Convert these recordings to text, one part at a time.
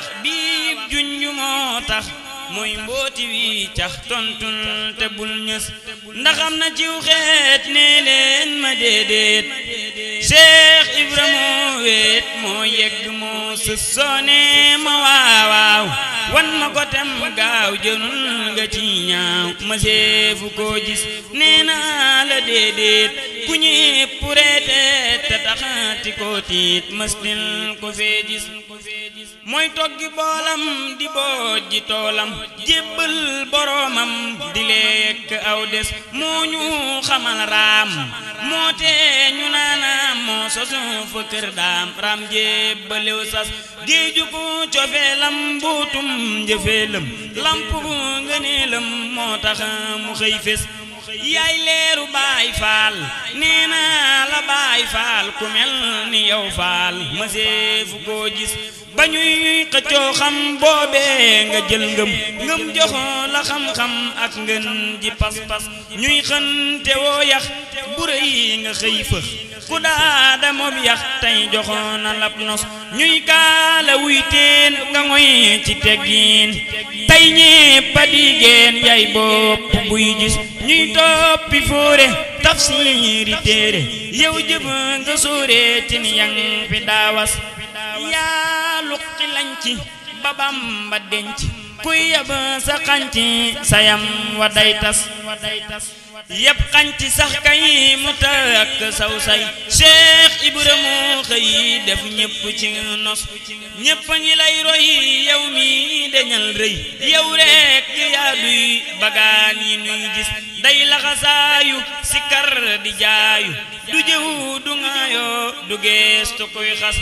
wax bii junj moo tax muy mbooti wi cax tontul te bul ñës ndaxam na ciw xeet ne leen ma déedéet Cheikh Ibra moo weet moo yegg moo sës soone ma waawaaw wan ma ko tem gaaw jënul nga ci ñaaw ma seefu koo gis nee naa la déedéet ku ñëpp ree taxaati mooy toggi boolam di booj ji toolam jébbal boroomam di lekk aw des moo ñu xamal raam moo tee ñu naanaam moo sosu fa kër daam raam jébbalew sas géeju ko cofeelam buutum njëfeelam lamp bu ngëneelam moo tax mu xëy fes yaay leeru baay faal nee naa la baay faal ku mel ni yow faal maseefu koo gis ba ñuy xëccoo xam boobee nga jël ngëm ngëm joxoo la xam-xam ak ngën ji pas-pas ñuy xënte woo yax bu rëy nga xëy fëx ku daada moom yax tey joxoo na lab nos ñuy kaala wuy teen nga ngoy ci teggiin tey ñee padigeen yay bopp buy gis ñuy toppi fóore tafsiiri téere yow jëf nga sóore tin yang fi daawas yaa luqi lañ ci babam ba denc kuy yab sa xanci sayam wa day tas yab xanci sax kay mu takk saw say Cheikh Ibra moo xëy def ñépp ci nos ñépp a ngi lay roy yow mi deñal rëy yow rekk yaa duy bagaan yi nuy gis day laxasaayu sikar di jaayu du jëw du ŋaayoo du geestu kuy xas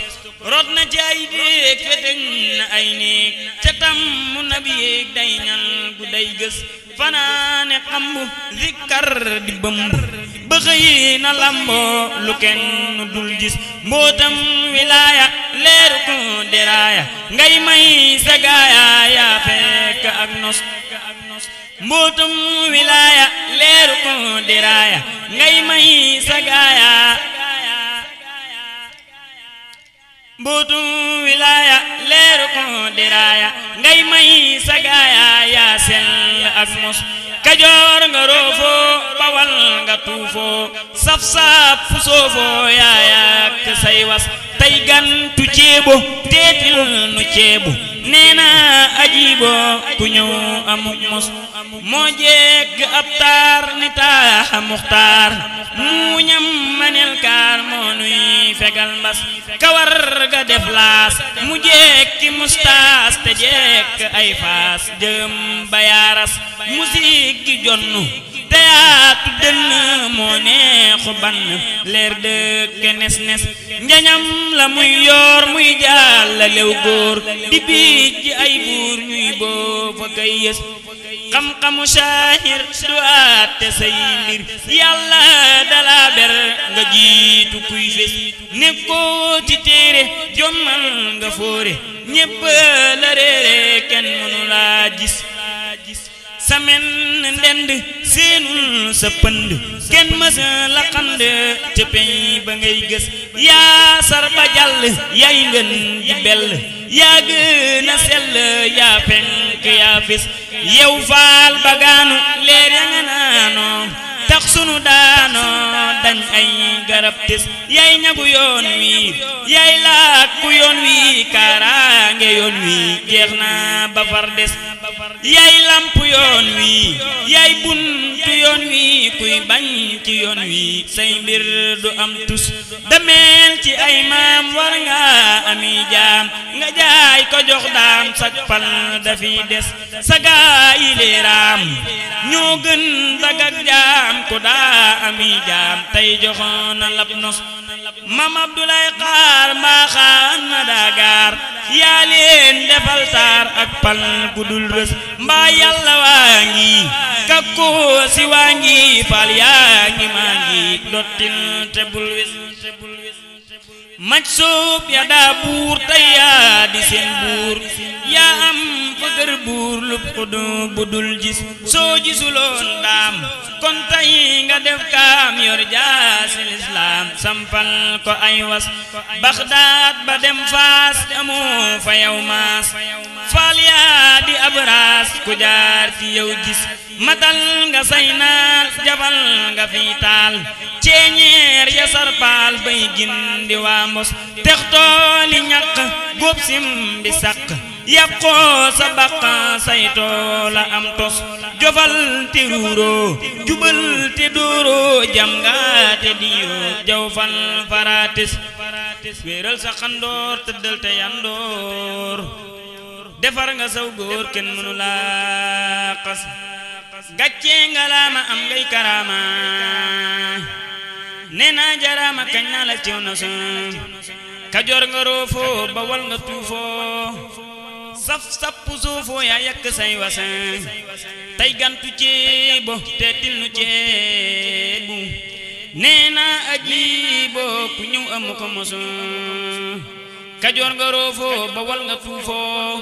rot na ci ay déeg feteñ na ay néeg ca tam mu nabiyeeg day ñal gu day gës fanaane xamb zikkar di bëmb bëxëy na lamboo lu kenn dul gis mbootam wilaaya leeru deraaya ngay may sa gaaya yaa fekk ak nos mbootum wilaaya leeru ko diraaya ngay may sagaaya mbootum wilaaya leeru ko diraaya ngay yaa sell ak kajoor nga roofoo bawal nga tuufoo saf fu soofoo yaayaak say was tey gantu ceebo teetil nu ceebu nee naa ajiiboo ku ñëw amu mos moo jekk ab taar ni taaxa muxtaar muuñam manel kaar moo nuy fegal mbas kawar ga def laas mu jekki mustaas te jekk ay faas jëm bayaaras musique gi jonnu teyaatu dënn moo neexu bann leer dëkke nes nes njañam la muy yoor muy jaal la lew góor di biij ci ay buur ñuy boofa kay yës xam-xamu saahir du àtte say mbir yàlla dala ber nga jiitu kuy fés nekkoo ci téere jommal nga fóore ñépp la réere kenn mënu laa sa men ndend seenul sa pënd kenn mësa la xand ca peñ ba ngay gës yaa sar ba jàll yaay ngën di bell yaa gën a sell yaa penk yaa fis yow faal bagaanu leer ya nga naanoo tax sunu daanoo dañ ay garab tis yaay ñagu yoon wi yaay laak ku yoon wi kaaraange yoon wi jeex na ba des yaay lamp yoon wi yaay buntu yoon wi kuy bañ ci yoon wi say mbir du am tus dameel ci ay maam war am ami jaam nga jaay ko jox daam sak pal dafiy des sagaa yi leeraam ñoo gën dagak jaam ku daa ami jaam tey joxoon na lab nos maam Abdoulaye xaar mbaa xaar na daa yaa leen defal taar ak pal gudul rës mbaa yàlla waa ngi kakku si waa ngi pal yaa ngi maa ngi dottin te bul wis maj suub ya daa buur tey yaa di seen buur yaa am kër buur lu xudu budul gis soo gisuloon daam kon tey nga def kaam yor jaasi lislaam sampal ko ay was baxdaad ba dem faas amoo fa yow maas faal yaa di abraas ku jaar ci yow gis matal nga say naal jabal nga fiy taal ceeñeer ya sarpaal bay gindi waa mbos tex tooli ñàq góob sim bi yàqoo sa baqa saytoo la am tos jofal te ruuroo jubal te dóoroo jam nga te diiroo jaw fan faratis wéeral sa xandoor tëddal te yandoor defar nga saw góor kenn mënu laa xas gàcce nga laa ma am ngay karaama nee naa jaraama kañ naa la cew na sun kajoor nga roofoo bawal nga tuufoo saf sappu suufu yaa yàkk say wasin tey gantu ceebo te til nu ceebu nee na ajiibo ku ñëw amu ko kajoor nga roofoo ba wal nga tuufoo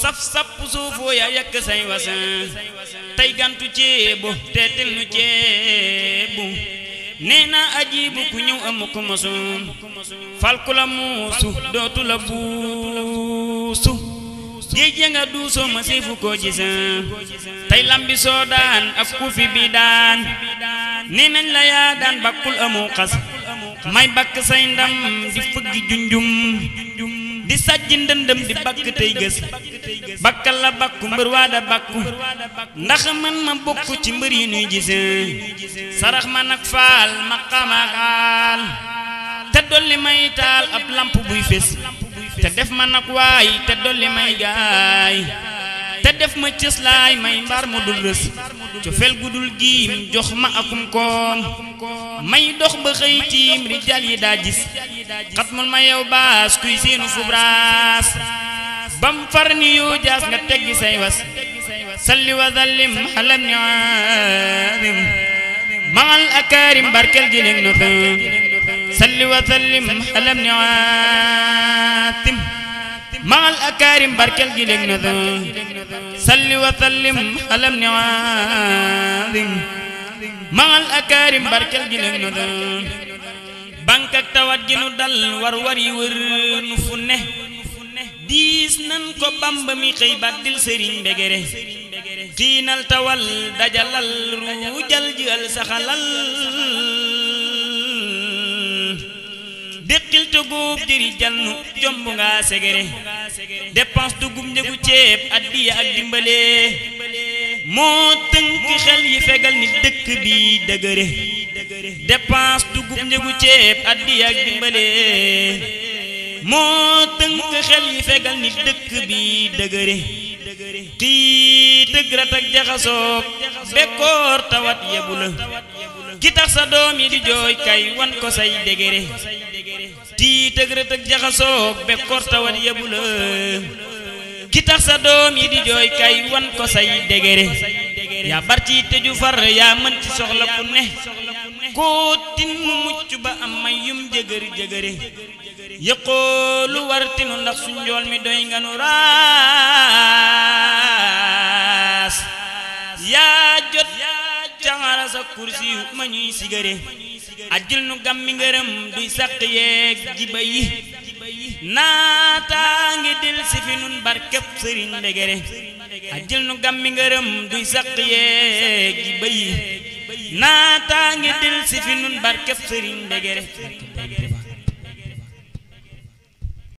saf sappu suufu yaa yàkk say wasin tey gantu ceebo te til nu ceebu nee na ajiibu ku ñëw amu ko mosu la muusu dootu la buusu géej nga duusoo ma siifu koo gisan tey lambi soo daan ak ku fi bi daan nee nañ la yaa daan bakkul amoo xas may bakk say ndam di fëggi junjum di sàjji ndëndëm di bakk tey gës bakkal la bakku mbër waa da ndax man ma bokk ci mbër yi nuy gisan sarax ma nag faal ma xamaxaal te dolli may taal ab lamp buy fés te def ma nag waay te dolli may gaay te def ma cëslaay may mbaar mu dul rës cofel gudul giim jox ma akum koom may dox ba xëy tiim rijaal yi daa gis xatmul ma yow baas kuy seenu fubraas bam far ni yoo jaas nga teggi say salli wa zallim xalam ni aadim maal akaarim barkel gi leen no salli wa zallim xalam ni aadim مع الأكارم برك الجلق نذو سل وسلم على ابن عاظم مع الأكارم برك الجلق نذو بانكك توجن دل وروري ورنفنه diis nan ko bamba mi xëy baddil sëriñ begere xiinal tawal dajalal ruujal jël saxalal guub jëri jannu jomb nga segere dépense dugub njëgu ceeb addiya ak dimbale moo tënk xel yi fegal ni dëkk bi dëgëre dépense dugub njëgu ceeb addiya ak dimbale moo tënk xel yi fegal ni dëkk bi dëgëre kii tëgrat ak jaxasoog bekkoor tawat yebu la ki tax sa doom yi di jooy kay wan ko say dëgëre tiit ak rët ak jaxasoog bekkortawan yebu la ki tax sa doom yi di jooy kay wan ko say degere yaa bar ci tëju far yaa mën ci soxla ku ne koo tin mu mucc ba am may yum jëgëri jëgëri lu war tinu ndax su njool mi doy nga nu raas yaa jot caxara sa kursi ma ñuy sigare ajjul nu gàmmi ngërëm duy saq yeeg jiba yi naataa ngi dil si fi nun barkeb sëriñ ndegere ajjul nu gàmmi ngërëm duy saq yeeg jiba yi naataa ngi dil si fi nun barkeb sëriñ ndegere